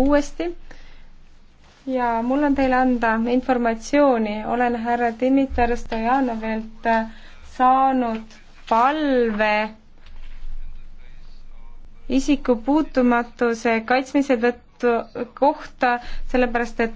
uuesti ja mul on teile anda informatsiooni, olen härra Dimitar Stojanovilt äh, saanud palve isiku puutumatuse kaitsmise tõttu kohta, sellepärast et